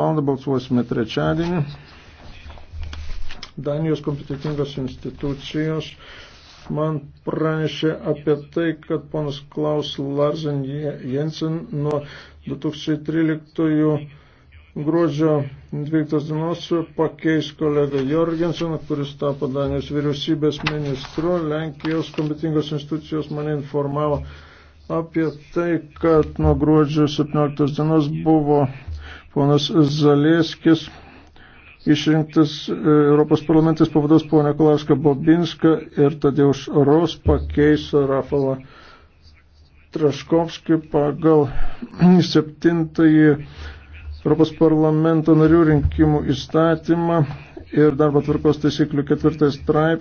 Valandą balsuosime trečiadienį. Danijos kompetitingos institucijos man pranešė apie tai, kad ponas Klaus Larsen Jensen nuo 2013 gruodžio 12 dienos pakeis kolegą Jorgenseną, kuris tapo Danijos vyriausybės ministru. Lenkijos kompetingos institucijos mane informavo apie tai, kad nuo gruodžio 17 dienos buvo Ponas Zalieskis išrinktas e, Europos parlamentas pavados poną Kolauską Bobinską ir Tadeuš Ros pakeis Rafalą Traškovskį pagal septintąjį Europos parlamento narių rinkimų įstatymą ir darbo tvarkos taisyklių ketvirtas straipsnis.